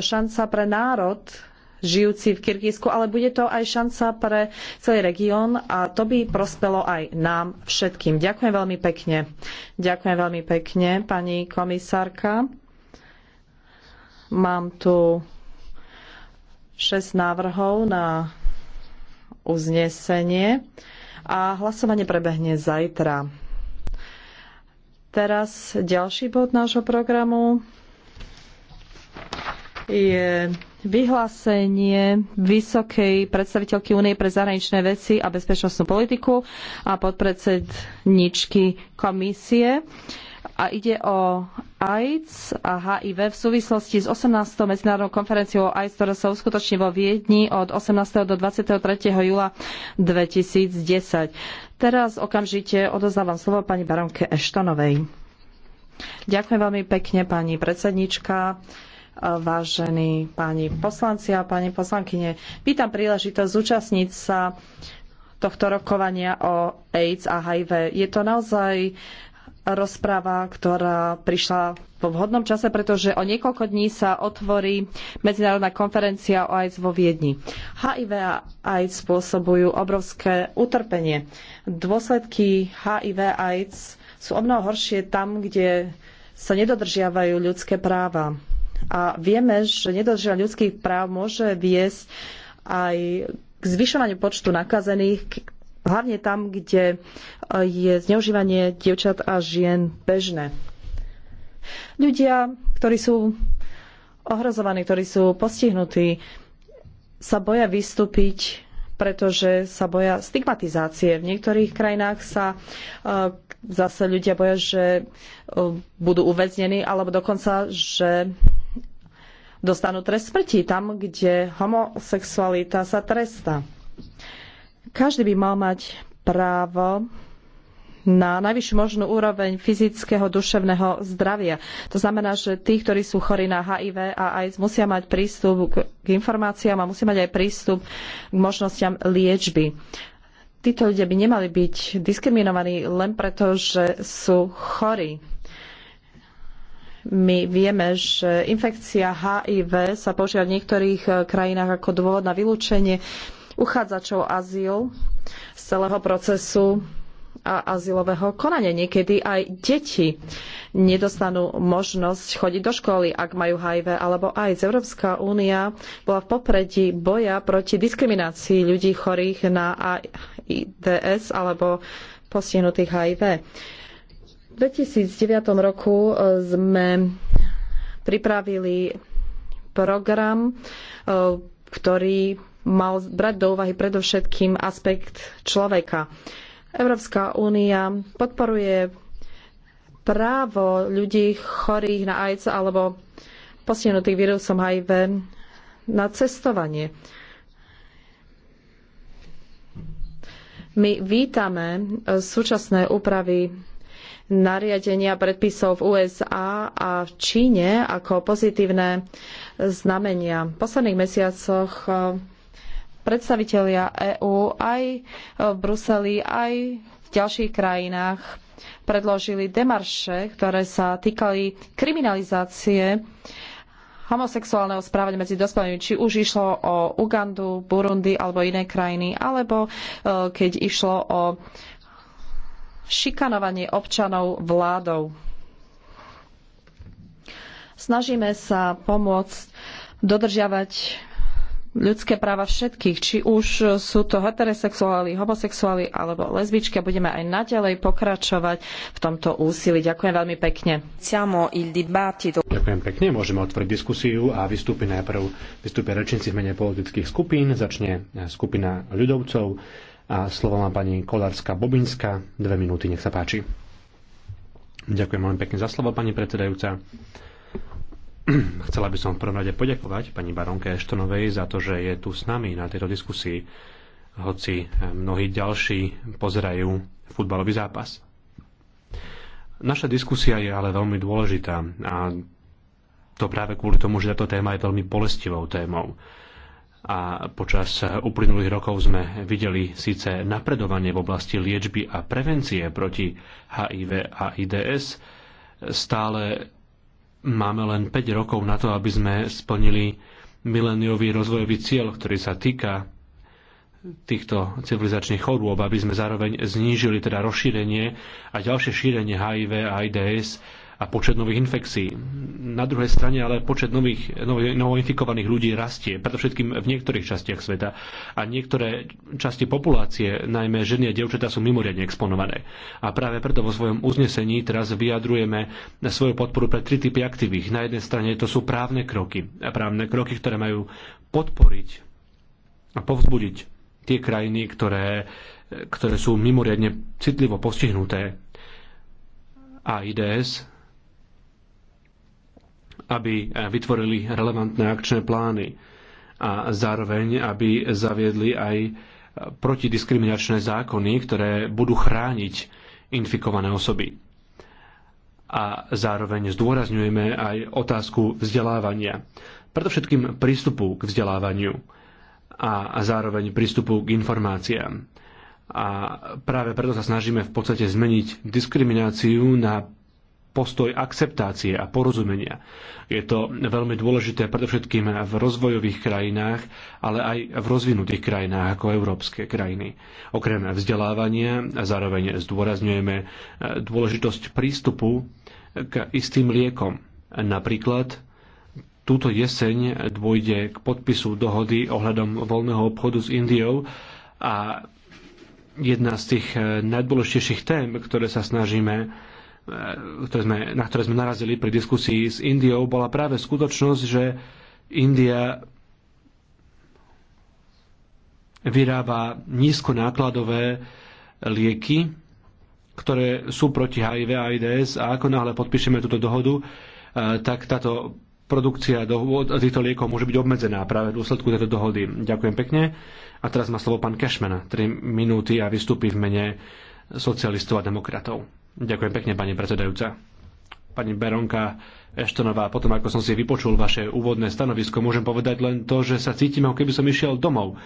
šanca pre národ žijúci v Kyrgyzsku, ale bude to aj šanca pre celý región a to by prospelo aj nám všetkým. Ďakujem veľmi pekne. Ďakujem veľmi pekne, pani komisárka. Mám tu 6 návrhov na uznesenie a hlasovanie prebehne zajtra. Teraz ďalší bod nášho programu je vyhlásenie vysokej predstaviteľky Únie pre zahraničné veci a bezpečnostnú politiku a podpredsedničky komisie. A ide o AIDS a HIV v súvislosti s 18. medzinárodnou konferenciou o AIDS, ktorá sa uskutoční vo Viedni od 18. do 23. júla 2010. Teraz okamžite odozdávam slovo pani baronke Eštonovej. Ďakujem veľmi pekne, pani predsednička vážení páni poslanci a pani poslankyne. Vítam príležitosť zúčastniť sa tohto rokovania o AIDS a HIV. Je to naozaj rozpráva, ktorá prišla vo vhodnom čase, pretože o niekoľko dní sa otvorí medzinárodná konferencia o AIDS vo Viedni. HIV a AIDS spôsobujú obrovské utrpenie. Dôsledky HIV a AIDS sú o mnoho horšie tam, kde sa nedodržiavajú ľudské práva. A vieme, že nedodržiavanie ľudských práv môže viesť aj k zvyšovaniu počtu nakazených, hlavne tam, kde e, je zneužívanie dievčat a žien bežné. Ľudia, ktorí sú ohrozovaní, ktorí sú postihnutí, sa boja vystúpiť, pretože sa boja stigmatizácie. V niektorých krajinách sa e, zase ľudia boja, že e, budú uväznení alebo dokonca, že dostanú trest smrti tam, kde homosexualita sa trestá. Každý by mal mať právo na najvyššiu možnú úroveň fyzického, duševného zdravia. To znamená, že tí, ktorí sú chorí na HIV a AIDS, musia mať prístup k informáciám a musia mať aj prístup k možnostiam liečby. Títo ľudia by nemali byť diskriminovaní len preto, že sú chorí my vieme, že infekcia HIV sa používa v niektorých eh, krajinách ako dôvod na vylúčenie uchádzačov azyl z celého procesu a azylového konania. Niekedy aj deti nedostanú možnosť chodiť do školy, ak majú HIV alebo z Európska únia bola v popredí boja proti diskriminácii ľudí chorých na AIDS alebo postihnutých HIV. V 2009 roku e, sme pripravili program, e, ktorý mal brať do úvahy predovšetkým aspekt človeka. Európska únia podporuje právo ľudí chorých na AIDS alebo postihnutých vírusom HIV na cestovanie. My vítame e, súčasné úpravy nariadenia predpisov v USA a v Číne ako pozitívne znamenia. V posledných mesiacoch eh, predstavitelia EÚ aj v Bruseli, aj v ďalších krajinách predložili demarše, ktoré sa týkali kriminalizácie homosexuálneho správania medzi dospelými, či už išlo o Ugandu, Burundi alebo iné krajiny, alebo eh, keď išlo o šikanovanie občanov vládou. Snažíme sa pomôcť dodržiavať ľudské práva všetkých, či už sú to heterosexuáli, homosexuáli alebo lesbičky a budeme aj naďalej pokračovať v tomto úsilí. Ďakujem veľmi pekne. Ďakujem pekne, môžeme otvoriť diskusiu a vystúpi najprv vystúpia rečníci v mene politických skupín, začne skupina ľudovcov. A slovo má pani Kolárska Bobinská. Dve minúty, nech sa páči. Ďakujem veľmi pekne za slovo, pani predsedajúca. Chcela by som v prvom rade poďakovať pani baronke Eštonovej za to, že je tu s nami na tejto diskusii, hoci mnohí ďalší pozerajú futbalový zápas. Naša diskusia je ale veľmi dôležitá a to práve kvôli tomu, že táto téma je veľmi bolestivou témou a počas uplynulých rokov sme videli síce napredovanie v oblasti liečby a prevencie proti HIV a IDS, stále máme len 5 rokov na to, aby sme splnili mileniový rozvojový cieľ, ktorý sa týka týchto civilizačných chorôb, aby sme zároveň znížili teda rozšírenie a ďalšie šírenie HIV a IDS a počet nových infekcií na druhej strane ale počet nových, novoinfikovaných ľudí rastie, predovšetkým v niektorých častiach sveta. A niektoré časti populácie, najmä ženy a dievčatá, sú mimoriadne exponované. A práve preto vo svojom uznesení teraz vyjadrujeme svoju podporu pre tri typy aktivít. Na jednej strane to sú právne kroky. A právne kroky, ktoré majú podporiť a povzbudiť tie krajiny, ktoré, ktoré sú mimoriadne citlivo postihnuté AIDS aby vytvorili relevantné akčné plány a zároveň, aby zaviedli aj protidiskriminačné zákony, ktoré budú chrániť infikované osoby. A zároveň zdôrazňujeme aj otázku vzdelávania. Predovšetkým prístupu k vzdelávaniu a zároveň prístupu k informáciám. A práve preto sa snažíme v podstate zmeniť diskrimináciu na postoj akceptácie a porozumenia. Je to veľmi dôležité predovšetkým v rozvojových krajinách, ale aj v rozvinutých krajinách ako európske krajiny. Okrem vzdelávania zároveň zdôrazňujeme e, dôležitosť prístupu k istým liekom. Napríklad túto jeseň dôjde k podpisu dohody ohľadom voľného obchodu s Indiou a jedna z tých e, najdôležitejších tém, ktoré sa snažíme E, ktoré sme, na ktoré sme narazili pri diskusii s Indiou, bola práve skutočnosť, že India vyrába nízkonákladové lieky, ktoré sú proti HIV a AIDS a ako náhle podpíšeme túto dohodu, e, tak táto produkcia týchto liekov môže byť obmedzená práve v dôsledku tejto dohody. Ďakujem pekne. A teraz má slovo pán Cashman, 3 minúty a vystúpi v mene socialistov a demokratov. Ďakujem pekne, pani predsedajúca. Pani Beronka Eštonová, potom ako som si vypočul vaše úvodné stanovisko, môžem povedať len to, že sa cítim, ako keby som išiel domov.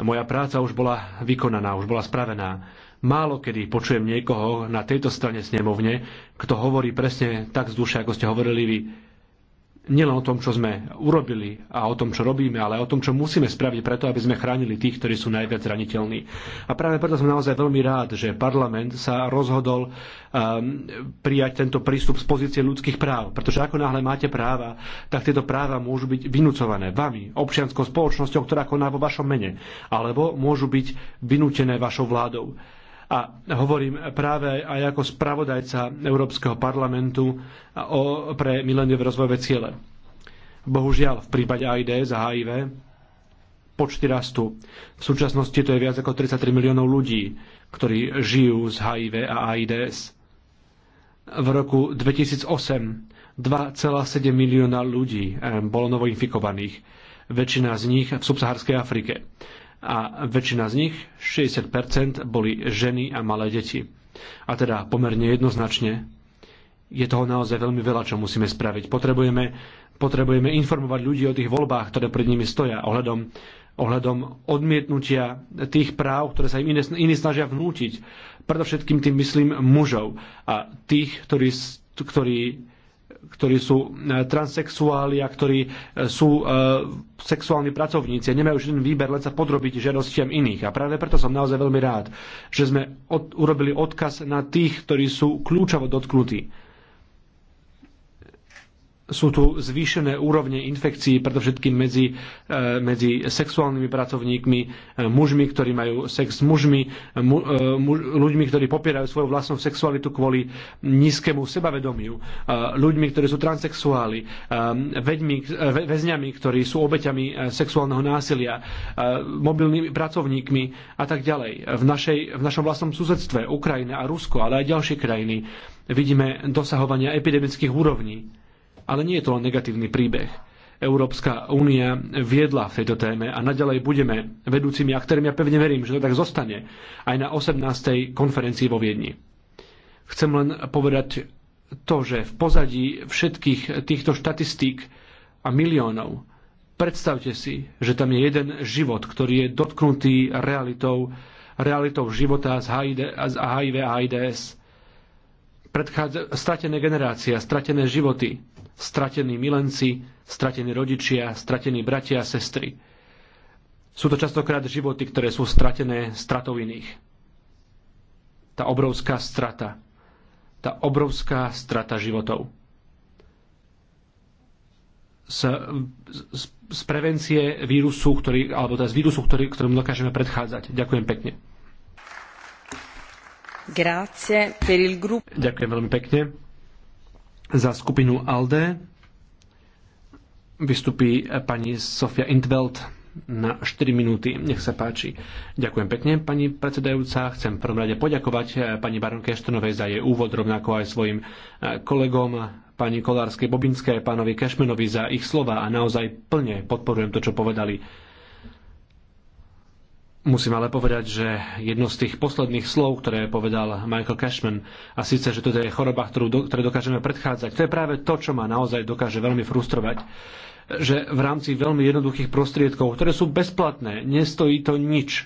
Moja práca už bola vykonaná, už bola spravená. Málo kedy počujem niekoho na tejto strane snemovne, kto hovorí presne tak z duše, ako ste hovorili vy nielen o tom, čo sme urobili a o tom, čo robíme, ale o tom, čo musíme spraviť preto, aby sme chránili tých, ktorí sú najviac zraniteľní. A práve preto som naozaj veľmi rád, že parlament sa rozhodol um, prijať tento prístup z pozície ľudských práv. Pretože ako náhle máte práva, tak tieto práva môžu byť vynúcované vami, občianskou spoločnosťou, ktorá koná vo vašom mene, alebo môžu byť vynútené vašou vládou. A hovorím práve aj ako spravodajca Európskeho parlamentu o, pre mileniové rozvojové ciele. Bohužiaľ, v prípade AIDS a HIV počty rastú. V súčasnosti to je viac ako 33 miliónov ľudí, ktorí žijú z HIV a AIDS. V roku 2008 2,7 milióna ľudí eh, bolo novoinfikovaných, väčšina z nich v subsaharskej Afrike a väčšina z nich, 60%, boli ženy a malé deti. A teda pomerne jednoznačne je toho naozaj veľmi veľa, čo musíme spraviť. Potrebujeme, potrebujeme informovať ľudí o tých voľbách, ktoré pred nimi stoja, ohľadom, ohľadom odmietnutia tých práv, ktoré sa im iní snažia vnútiť. Predovšetkým tým myslím mužov a tých, ktorí, ktorí ktorí sú e, transexuáli a ktorí e, sú e, sexuálni pracovníci a nemajú žiaden výber, len sa podrobiť žiadostiam iných. A práve preto som naozaj veľmi rád, že sme od, urobili odkaz na tých, ktorí sú kľúčovo dotknutí sú tu zvýšené úrovne infekcií, predovšetkým medzi, e, medzi sexuálnymi pracovníkmi, e, mužmi, ktorí majú sex s mužmi, mu, e, mu, ľuďmi, ktorí popierajú svoju vlastnú sexualitu kvôli nízkemu sebavedomiu, ľuďmi, ktorí sú transexuáli, vedmi, väzňami, ktorí sú obeťami sexuálneho násilia, mobilnými pracovníkmi a tak ďalej. V, našej, v našom vlastnom susedstve Ukrajina a Rusko, ale aj ďalšie krajiny vidíme dosahovania epidemických úrovní ale nie je to len negatívny príbeh. Európska únia viedla v tejto téme a naďalej budeme vedúcimi aktérmi a ja pevne verím, že to tak zostane aj na 18. konferencii vo Viedni. Chcem len povedať to, že v pozadí všetkých týchto štatistík a miliónov predstavte si, že tam je jeden život, ktorý je dotknutý realitou, realitou života z HIV a AIDS. Predchádza, stratené generácia, stratené životy, stratení milenci, stratení rodičia, stratení bratia a sestry. Sú to častokrát životy, ktoré sú stratené stratou iných. Tá obrovská strata. Tá obrovská strata životov. Z, z, z prevencie vírusu, ktorý, alebo teda z vírusu, ktorý, ktorým dokážeme predchádzať. Ďakujem pekne. Grazie per il Ďakujem veľmi pekne. Za skupinu ALDE vystupí pani Sofia Intveld na 4 minúty. Nech sa páči. Ďakujem pekne, pani predsedajúca. Chcem v prvom rade poďakovať eh, pani baronke Eštonovej za jej úvod, rovnako aj svojim eh, kolegom pani Kolárskej Bobinskej, pánovi Kešmenovi za ich slova a naozaj plne podporujem to, čo povedali Musím ale povedať, že jedno z tých posledných slov, ktoré povedal Michael Cashman, a síce, že toto je choroba, ktorú, do, ktoré dokážeme predchádzať, to je práve to, čo ma naozaj dokáže veľmi frustrovať, že v rámci veľmi jednoduchých prostriedkov, ktoré sú bezplatné, nestojí to nič,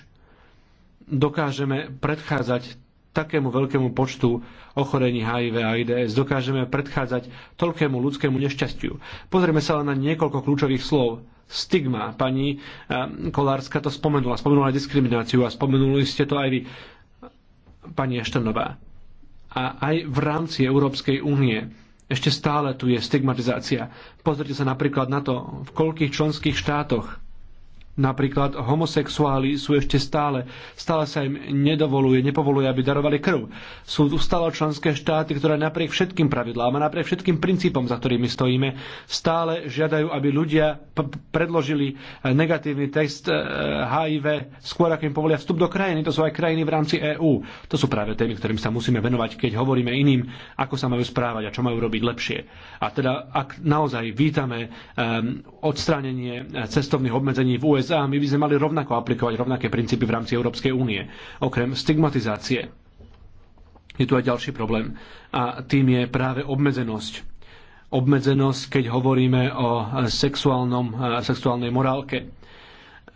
dokážeme predchádzať takému veľkému počtu ochorení HIV a AIDS, dokážeme predchádzať toľkému ľudskému nešťastiu. Pozrieme sa len na niekoľko kľúčových slov stigma. Pani eh, Kolárska to spomenula, spomenula diskrimináciu a spomenuli ste to aj vy, pani Eštenová. A aj v rámci Európskej únie ešte stále tu je stigmatizácia. Pozrite sa napríklad na to, v koľkých členských štátoch Napríklad homosexuáli sú ešte stále, stále sa im nedovoluje, nepovoluje, aby darovali krv. Sú tu stále členské štáty, ktoré napriek všetkým pravidlám a napriek všetkým princípom, za ktorými stojíme, stále žiadajú, aby ľudia predložili eh, negatívny test HIV eh, skôr, ako im povolia vstup do krajiny. To sú aj krajiny v rámci EÚ. To sú práve témy, ktorým sa musíme venovať, keď hovoríme iným, ako sa majú správať a čo majú robiť lepšie. A teda, ak naozaj vítame um, odstránenie cestovných obmedzení v USA, USA my by sme mali rovnako aplikovať rovnaké princípy v rámci Európskej únie, okrem stigmatizácie. Je tu aj ďalší problém a tým je práve obmedzenosť obmedzenosť, keď hovoríme o sexuálnom, sexuálnej morálke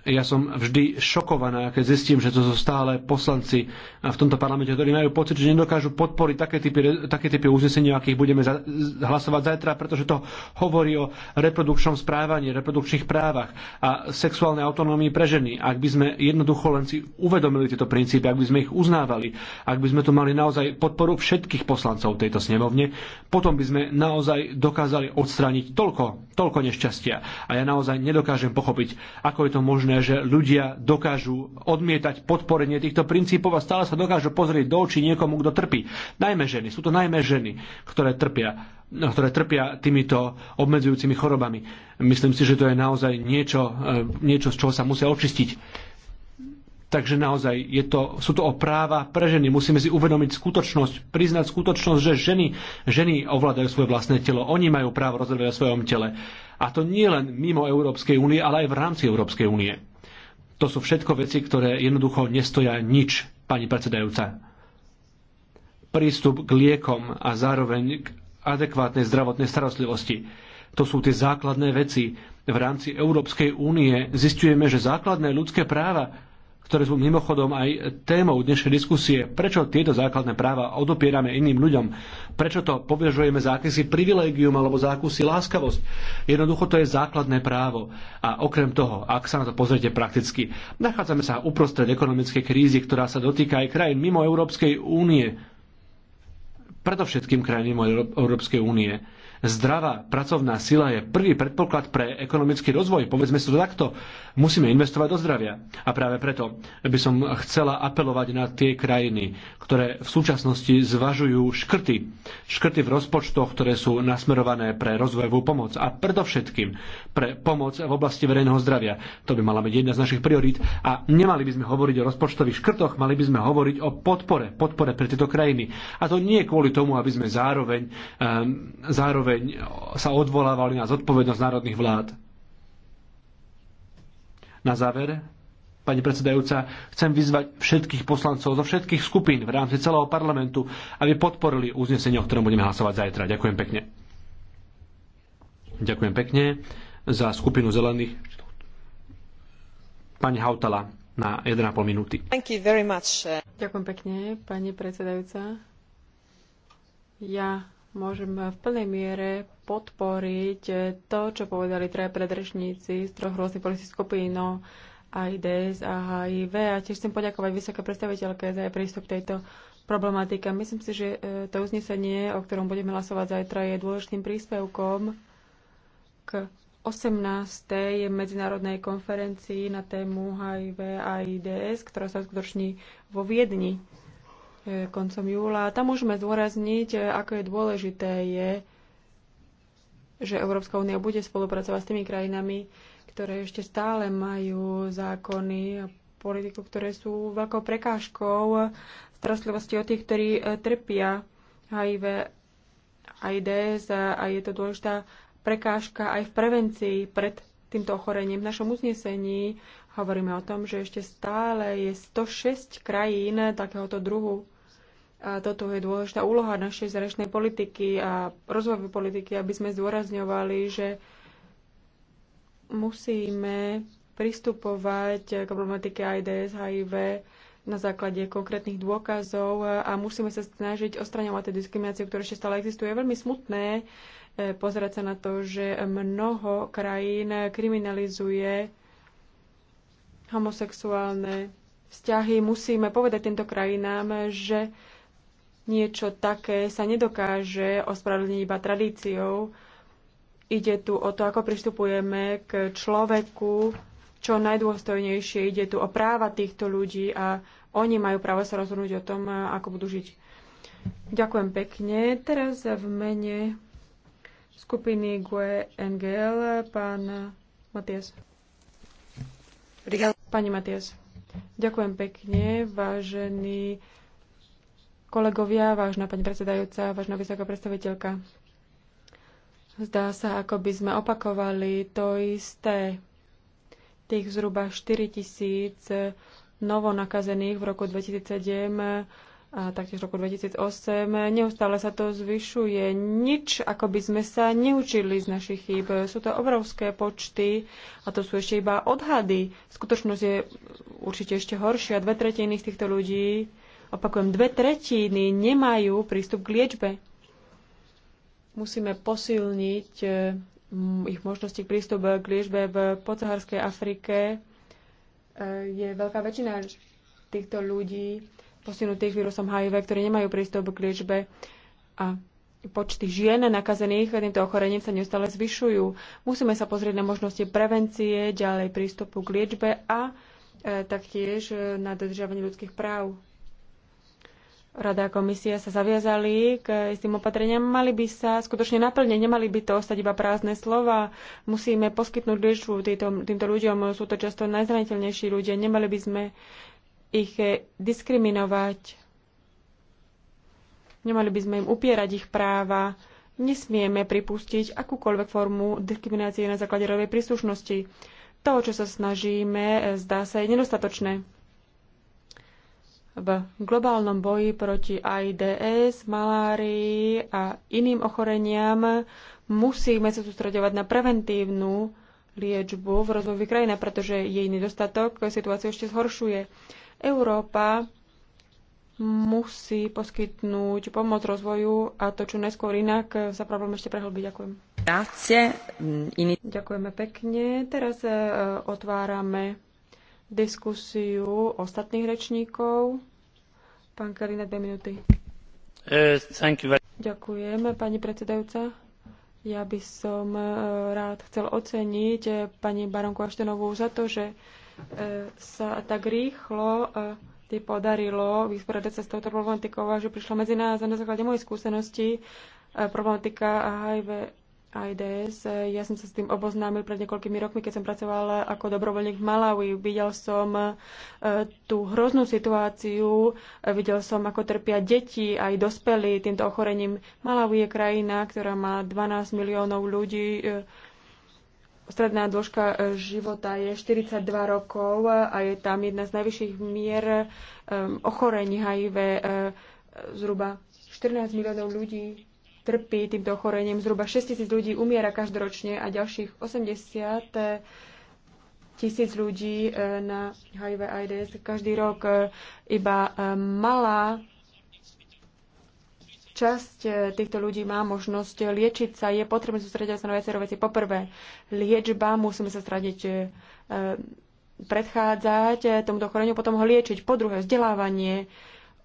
ja som vždy šokovaná, keď zistím, že to sú stále poslanci v tomto parlamente, ktorí majú pocit, že nedokážu podporiť také typy, také typy uznesenia, akých budeme za, hlasovať zajtra, pretože to hovorí o reprodukčnom správaní, reprodukčných právach a sexuálnej autonómii pre ženy. Ak by sme jednoducho len si uvedomili tieto princípy, ak by sme ich uznávali, ak by sme tu mali naozaj podporu všetkých poslancov tejto snemovne, potom by sme naozaj dokázali odstrániť toľko, toľko nešťastia. A ja naozaj nedokážem pochopiť, ako je to možné, že ľudia dokážu odmietať podporenie týchto princípov a stále sa dokážu pozrieť do očí niekomu, kto trpí. Najmä ženy, sú to najmä ženy, ktoré trpia, no, ktoré trpia týmito obmedzujúcimi chorobami. Myslím si, že to je naozaj niečo, e, niečo z čoho sa musia očistiť. Takže naozaj je to, sú to o práva pre ženy. Musíme si uvedomiť skutočnosť, priznať skutočnosť, že ženy, ženy ovládajú svoje vlastné telo. Oni majú právo rozhodovať o svojom tele. A to nie len mimo Európskej únie, ale aj v rámci Európskej únie. To sú všetko veci, ktoré jednoducho nestoja nič, pani predsedajúca. Prístup k liekom a zároveň k adekvátnej zdravotnej starostlivosti. To sú tie základné veci. V rámci Európskej únie zistujeme, že základné ľudské práva ktoré sú mimochodom aj témou dnešnej diskusie. Prečo tieto základné práva odopierame iným ľuďom? Prečo to považujeme za akýsi privilégium alebo za akúsi láskavosť? Jednoducho to je základné právo. A okrem toho, ak sa na to pozriete prakticky, nachádzame sa uprostred ekonomickej krízy, ktorá sa dotýka aj krajín mimo Európskej únie. Predovšetkým krajín mimo Európskej únie Zdravá pracovná sila je prvý predpoklad pre ekonomický rozvoj. Povedzme si to takto. Musíme investovať do zdravia. A práve preto by som chcela apelovať na tie krajiny, ktoré v súčasnosti zvažujú škrty. Škrty v rozpočtoch, ktoré sú nasmerované pre rozvojovú pomoc. A predovšetkým pre pomoc v oblasti verejného zdravia. To by mala byť jedna z našich priorít. A nemali by sme hovoriť o rozpočtových škrtoch, mali by sme hovoriť o podpore. Podpore pre tieto krajiny. A to nie kvôli tomu, aby sme zároveň, um, zároveň zároveň sa odvolávali na zodpovednosť národných vlád. Na záver, pani predsedajúca, chcem vyzvať všetkých poslancov zo všetkých skupín v rámci celého parlamentu, aby podporili uznesenie, o ktorom budeme hlasovať zajtra. Ďakujem pekne. Ďakujem pekne za skupinu zelených. Pani Hautala na 1,5 minúty. Ďakujem pekne, pani predsedajúca. Ja Môžem v plnej miere podporiť to, čo povedali traja predrečníci z troch rôznych politických skupín, no AIDS a HIV. A tiež chcem poďakovať vysoké predstaviteľke za jej prístup k tejto problematike. Myslím si, že e, to uznesenie, o ktorom budeme hlasovať zajtra, je dôležitým príspevkom k 18. medzinárodnej konferencii na tému HIV a AIDS, ktorá sa skutoční vo Viedni E, koncom júla. Tam môžeme zdôrazniť, e, ako je dôležité je, že Európska únia bude spolupracovať s tými krajinami, ktoré ešte stále majú zákony a politiku, ktoré sú veľkou prekážkou starostlivosti o tých, ktorí e, trpia HIV a AIDS a je to dôležitá prekážka aj v prevencii pred týmto ochorením. V našom uznesení Hovoríme o tom, že ešte stále je 106 krajín takéhoto druhu. A toto je dôležitá úloha našej zrečnej politiky a rozvojovej politiky, aby sme zdôrazňovali, že musíme pristupovať k problematike AIDS, HIV na základe konkrétnych dôkazov a musíme sa snažiť ostraňovať tie diskriminácie, ktoré ešte stále existujú. Je veľmi smutné eh, pozerať sa na to, že mnoho krajín kriminalizuje homosexuálne vzťahy. Musíme povedať týmto krajinám, že niečo také sa nedokáže ospravedlniť iba tradíciou. Ide tu o to, ako pristupujeme k človeku čo najdôstojnejšie. Ide tu o práva týchto ľudí a oni majú právo sa rozhodnúť o tom, ako budú žiť. Ďakujem pekne. Teraz v mene skupiny GUE NGL pán Matias. Pani Matias, ďakujem pekne, vážení kolegovia, vážna pani predsedajúca, vážna vysoká predstaviteľka. Zdá sa, ako by sme opakovali to isté. Tých zhruba 4 tisíc novonakazených v roku 2007 a taktiež roku 2008. Neustále sa to zvyšuje. Nič, ako by sme sa neučili z našich chýb. Sú to obrovské počty a to sú ešte iba odhady. Skutočnosť je určite ešte horšia. Dve tretiny z týchto ľudí, opakujem, dve tretiny nemajú prístup k liečbe. Musíme posilniť eh, ich možnosti k prístupu k liečbe v podsaharskej Afrike. Eh, je veľká väčšina týchto ľudí postihnutých vírusom HIV, ktorí nemajú prístup k liečbe a počty žien nakazených týmto ochorením sa neustále zvyšujú. Musíme sa pozrieť na možnosti prevencie, ďalej prístupu k liečbe a e, taktiež e, na dodržiavanie ľudských práv. Rada a komisia sa zaviazali k istým opatreniam. Mali by sa skutočne naplniť, nemali by to ostať iba prázdne slova. Musíme poskytnúť liečbu týmto, týmto ľuďom. Sú to často najzraniteľnejší ľudia. Nemali by sme ich eh, diskriminovať. Nemali by sme im upierať ich práva. Nesmieme pripustiť akúkoľvek formu diskriminácie na základe rovej príslušnosti. To, čo sa snažíme, eh, zdá sa, je nedostatočné. V globálnom boji proti AIDS, malárii a iným ochoreniam musíme sa sústredovať na preventívnu liečbu v rozvojových krajinách, pretože jej nedostatok situáciu ešte zhoršuje. Európa musí poskytnúť pomoc rozvoju a to čo neskôr inak sa problém ešte prehlbí. Ďakujem. Ďakujeme pekne. Teraz e, otvárame diskusiu ostatných rečníkov. Pán Kalina, dve minúty. E, Ďakujem, pani predsedajúca. Ja by som e, rád chcel oceniť pani Baronku Aštenovú za to, že E, sa tak rýchlo e, ty podarilo vysporiadať sa s touto problematikou a že prišla medzi nás a na základe mojej skúsenosti e, problematika HIV AIDS. Ja som sa s tým oboznámil pred niekoľkými rokmi, keď som pracovala ako dobrovoľník v Malawi. Videl som tú hroznú situáciu, videl som, ako trpia deti aj dospelí týmto ochorením. Malawi je krajina, ktorá má 12 miliónov ľudí, stredná dĺžka e, života je 42 rokov a je tam jedna z najvyšších mier e, ochorení HIV. E, zhruba 14 miliónov ľudí trpí týmto ochorením, zhruba 6 tisíc ľudí umiera každoročne a ďalších 80 tisíc ľudí na HIV AIDS každý rok. Iba malá Časť e, týchto ľudí má možnosť liečiť sa. Je potrebné sústrediť sa na viacero veci. Poprvé, liečba, musíme sa stradiť e, predchádzať e, tomuto choreniu, potom ho liečiť. Po druhé, vzdelávanie.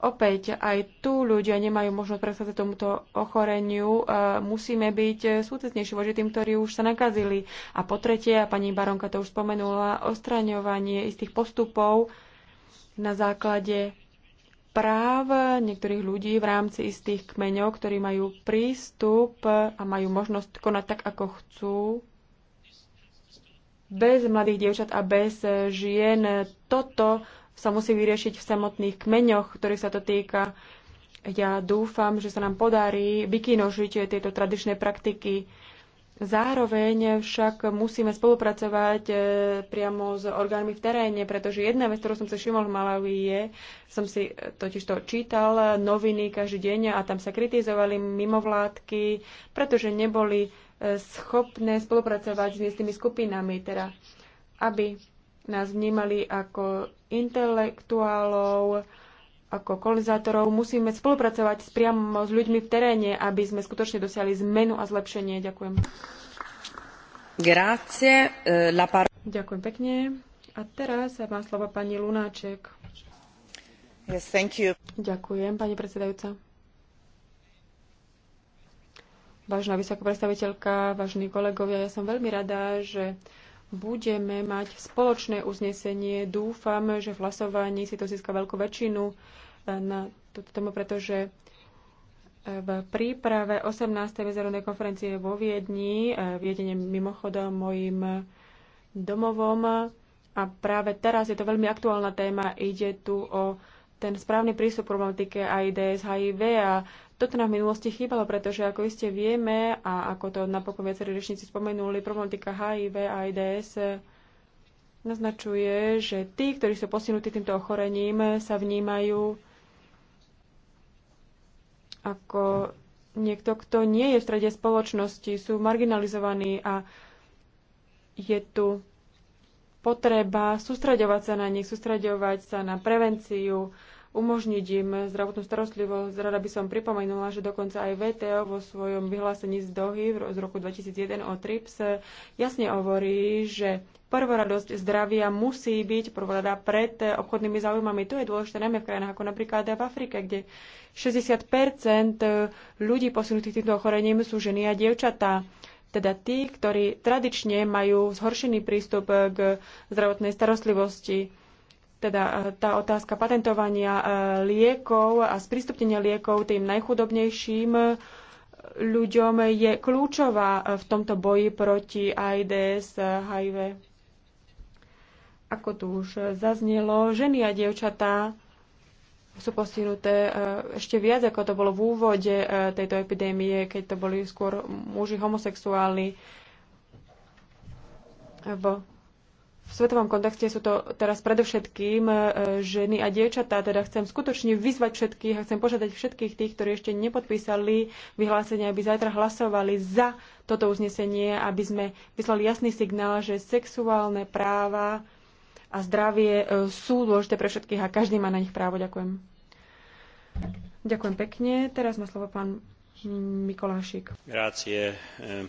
Opäť, aj tu ľudia nemajú možnosť predchádzať tomuto ochoreniu. Musíme byť súcitnejší voči tým, ktorí už sa nakazili. A po tretie, a pani Baronka to už spomenula, ostraňovanie istých postupov na základe práv niektorých ľudí v rámci istých kmeňov, ktorí majú prístup a majú možnosť konať tak, ako chcú, bez mladých dievčat a bez žien. Toto sa musí vyriešiť v samotných kmeňoch, ktorých sa to týka. Ja dúfam, že sa nám podarí vykinožiť tieto tradičné praktiky Zároveň však musíme spolupracovať e, priamo s orgánmi v teréne, pretože jedna vec, ktorú som si všimol v Malawi je, som si e, totiž to čítal noviny každý deň a tam sa kritizovali mimovládky, pretože neboli e, schopné spolupracovať s miestnymi skupinami, teda aby nás vnímali ako intelektuálov, ako kolonizátorov musíme spolupracovať priamo s ľuďmi v teréne, aby sme skutočne dosiahli zmenu a zlepšenie. Ďakujem. Grazie, eh, la par- Ďakujem pekne. A teraz má slovo pani Lunáček. Yes, thank you. Ďakujem, pani predsedajúca. Vážna vysoká predstaviteľka, vážni kolegovia, ja som veľmi rada, že budeme mať spoločné uznesenie. Dúfam, že v hlasovaní si to získa veľkú väčšinu na túto tému, pretože v príprave 18. medzinárodnej konferencie vo Viedni, eh, Viedenie mimochodom mojim domovom, a práve teraz je to veľmi aktuálna téma, ide tu o ten správny prístup problematike AIDS, HIV a toto nám v minulosti chýbalo, pretože ako iste vieme a ako to napokon viacerí rečníci spomenuli, problematika HIV a AIDS naznačuje, že tí, ktorí sú postihnutí týmto ochorením, sa vnímajú ako niekto, kto nie je v strede spoločnosti, sú marginalizovaní a je tu potreba sústreďovať sa na nich, sústreďovať sa na prevenciu, umožniť im zdravotnú starostlivosť. Rada by som pripomenula, že dokonca aj VTO vo svojom vyhlásení z Dohy z roku 2001 o TRIPS jasne hovorí, že prvoradosť zdravia musí byť prvorada pred obchodnými záujmami. To je dôležité najmä v krajinách ako napríklad v Afrike, kde 60 ľudí posunutých týmto ochorením sú ženy a dievčatá teda tí, ktorí tradične majú zhoršený prístup k zdravotnej starostlivosti. Teda e, tá otázka patentovania e, liekov a sprístupnenia liekov tým najchudobnejším e, ľuďom je kľúčová v tomto boji proti AIDS, HIV. Ako tu už zaznelo, ženy a dievčatá sú postihnuté ešte viac, ako to bolo v úvode tejto epidémie, keď to boli skôr muži homosexuáli. V v svetovom kontexte sú to teraz predovšetkým e, ženy a dievčatá. Teda chcem skutočne vyzvať všetkých a chcem požiadať všetkých tých, ktorí ešte nepodpísali vyhlásenie, aby zajtra hlasovali za toto uznesenie, aby sme vyslali jasný signál, že sexuálne práva a zdravie e, sú dôležité pre všetkých a každý má na nich právo. Ďakujem. Ďakujem pekne. Teraz má slovo pán Mikolášik. Grácie e,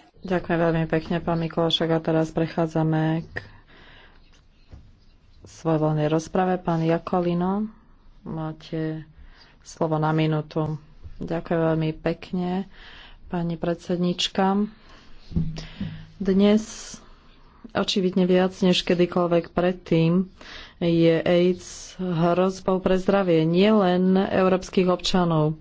Ďakujem veľmi pekne, pán Mikulášek. A teraz prechádzame k voľnej rozprave. Pán Jakolino, máte slovo na minútu. Ďakujem veľmi pekne, pani predsednička. Dnes očividne viac než kedykoľvek predtým je AIDS hrozbou pre zdravie nielen európskych občanov.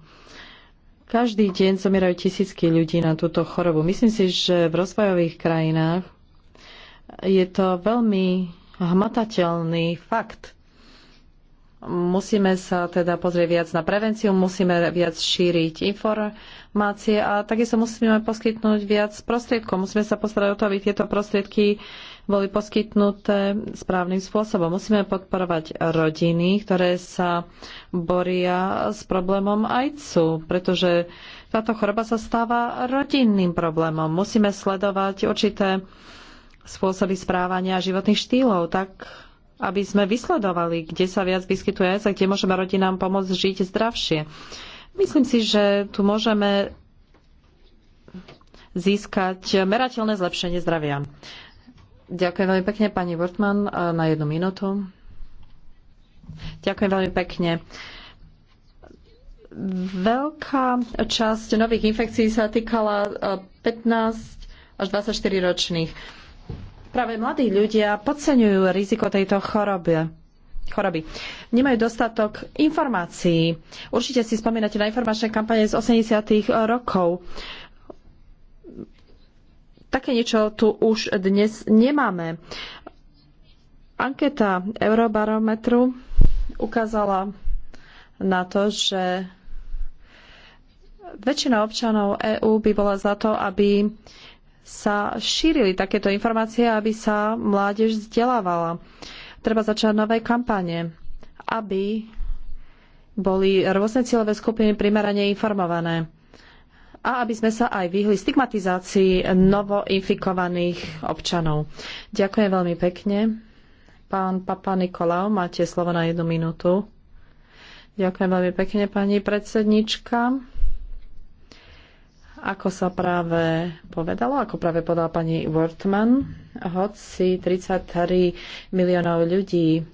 Každý deň zomierajú tisícky ľudí na túto chorobu. Myslím si, že v rozvojových krajinách je to veľmi hmatateľný fakt. Musíme sa teda pozrieť viac na prevenciu, musíme viac šíriť informácie a takisto musíme poskytnúť viac prostriedkov. Musíme sa postarať o to, aby tieto prostriedky boli poskytnuté správnym spôsobom. Musíme podporovať rodiny, ktoré sa boria s problémom ajcu, pretože táto choroba sa stáva rodinným problémom. Musíme sledovať určité spôsoby správania a životných štýlov, tak aby sme vysledovali, kde sa viac vyskytuje a kde môžeme rodinám pomôcť žiť zdravšie. Myslím si, že tu môžeme získať merateľné zlepšenie zdravia. Ďakujem veľmi pekne, pani Wortman, e, na jednu minútu. Ďakujem veľmi pekne. Veľká časť nových infekcií sa týkala 15 e, až 24 ročných. Práve mladí ľudia podceňujú riziko tejto choroby choroby. Nemajú dostatok informácií. Určite si spomínate na informačné kampane z 80. rokov. Uh, Také niečo tu už dnes nemáme. Anketa Eurobarometru ukázala na to, že väčšina občanov EÚ by bola za to, aby sa šírili takéto informácie, aby sa mládež vzdelávala. Treba začať nové kampane, aby boli rôzne cieľové skupiny primerane informované a aby sme sa aj vyhli stigmatizácii novoinfikovaných občanov. Ďakujem veľmi pekne. Pán Papa Nikolau, máte slovo na jednu minútu. Ďakujem veľmi pekne, pani predsednička. Ako sa práve povedalo, ako práve povedal pani Wortman, hoci 33 miliónov ľudí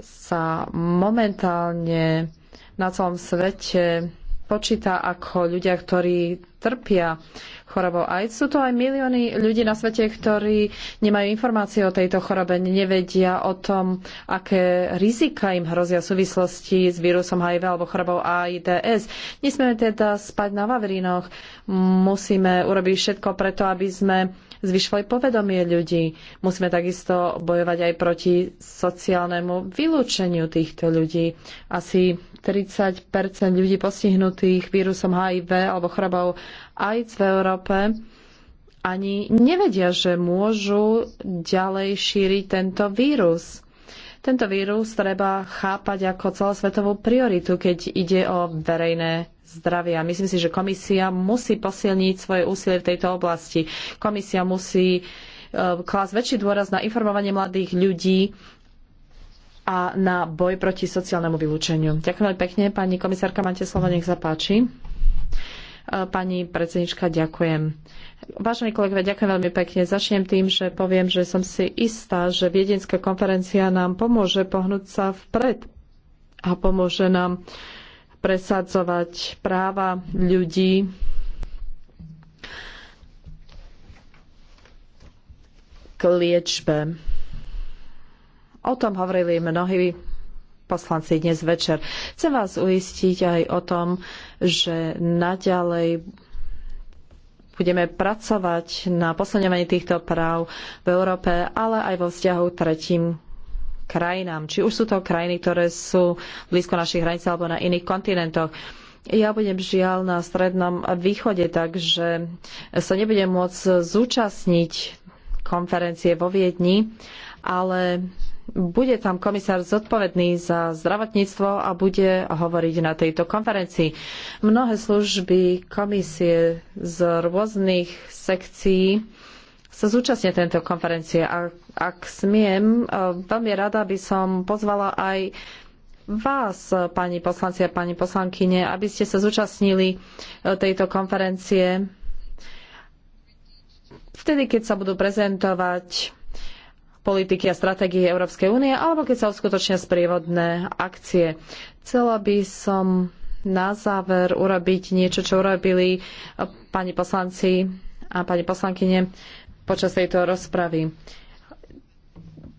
sa momentálne na celom svete počíta ako ľudia, ktorí trpia chorobou AIDS. Sú to aj milióny ľudí na svete, ktorí nemajú informácie o tejto chorobe, nevedia o tom, aké rizika im hrozia v súvislosti s vírusom HIV alebo chorobou AIDS. Nesmieme teda spať na vavrinoch. Musíme urobiť všetko preto, aby sme zvyšovali povedomie ľudí. Musíme takisto bojovať aj proti sociálnemu vylúčeniu týchto ľudí. Asi 30 ľudí postihnutých vírusom HIV alebo chorobou AIDS v Európe ani nevedia, že môžu ďalej šíriť tento vírus. Tento vírus treba chápať ako celosvetovú prioritu, keď ide o verejné zdravie. A myslím si, že komisia musí posilniť svoje úsilie v tejto oblasti. Komisia musí eh, klásť väčší dôraz na informovanie mladých ľudí a na boj proti sociálnemu vylúčeniu. Ďakujem veľmi pekne. Pani komisárka, máte slovo, nech sa páči. E, pani predsednička, ďakujem. Vážení kolegovia, ďakujem veľmi pekne. Začnem tým, že poviem, že som si istá, že Viedenská konferencia nám pomôže pohnúť sa vpred a pomôže nám presadzovať práva ľudí k liečbe O tom hovorili mnohí poslanci dnes večer. Chcem vás uistiť aj o tom, že naďalej budeme pracovať na posledňovaní týchto práv v Európe, ale aj vo vzťahu tretím krajinám. Či už sú to krajiny, ktoré sú blízko našich hraníc alebo na iných kontinentoch. Ja budem žiaľ na Strednom východe, takže sa nebudem môcť zúčastniť konferencie vo Viedni, ale bude tam komisár zodpovedný za zdravotníctvo a bude hovoriť na tejto konferencii. Mnohé služby komisie z rôznych sekcií sa zúčastnia tejto konferencie. A ak smiem, e, veľmi rada by som pozvala aj vás, pani poslanci a pani poslankyne, aby ste sa zúčastnili e, tejto konferencie vtedy, keď sa budú prezentovať politiky a stratégie Európskej únie, alebo keď sa uskutočnia sprievodné akcie. Chcela by som na záver urobiť niečo, čo urobili pani poslanci a pani poslankyne počas tejto rozpravy.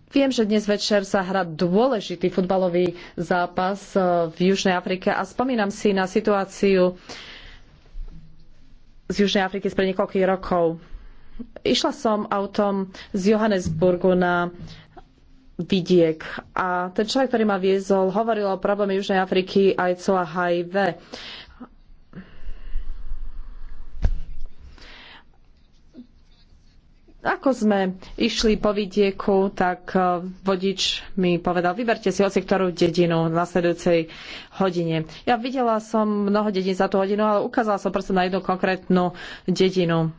Viem, že dnes večer sa hrá dôležitý futbalový zápas v Južnej Afrike a spomínam si na situáciu z Južnej Afriky spred niekoľkých rokov. Išla som autom z Johannesburgu na vidiek a ten človek, ktorý ma viezol, hovoril o probléme Južnej Afriky, co a HIV. Ako sme išli po vidieku, tak eh, vodič mi povedal, vyberte si hoci ktorú dedinu v nasledujúcej hodine. Ja videla som mnoho dedín za tú hodinu, ale ukázala som proste na jednu konkrétnu dedinu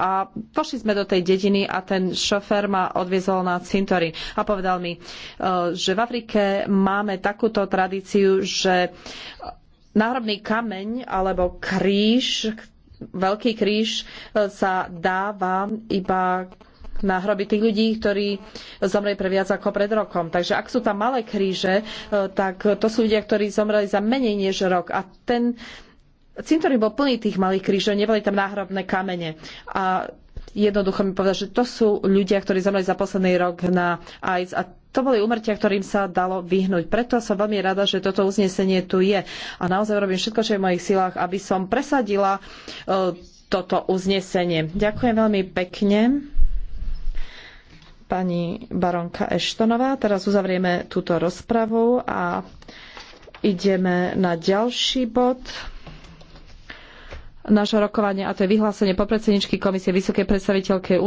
a pošli sme do tej dediny a ten šofér ma odviezol na cintorín a povedal mi, e, že v Afrike máme takúto tradíciu, že náhrobný kameň alebo kríž, veľký kríž e, sa dáva iba na hroby tých ľudí, ktorí zomreli pre viac ako pred rokom. Takže ak sú tam malé kríže, e, tak to sú ľudia, ktorí zomreli za menej než rok. A ten cintorín bol plný tých malých krížov, neboli tam náhrobné kamene. A jednoducho mi povedal, že to sú ľudia, ktorí zomreli za posledný rok na AIDS a to boli umrtia, ktorým sa dalo vyhnúť. Preto som veľmi rada, že toto uznesenie tu je. A naozaj robím všetko, čo je v mojich silách, aby som presadila uh, toto uznesenie. Ďakujem veľmi pekne pani baronka Eštonová. Teraz uzavrieme túto rozpravu a ideme na ďalší bod naše rokovanie a to je vyhlásenie podpredsedničky Komisie Vysokej predstaviteľke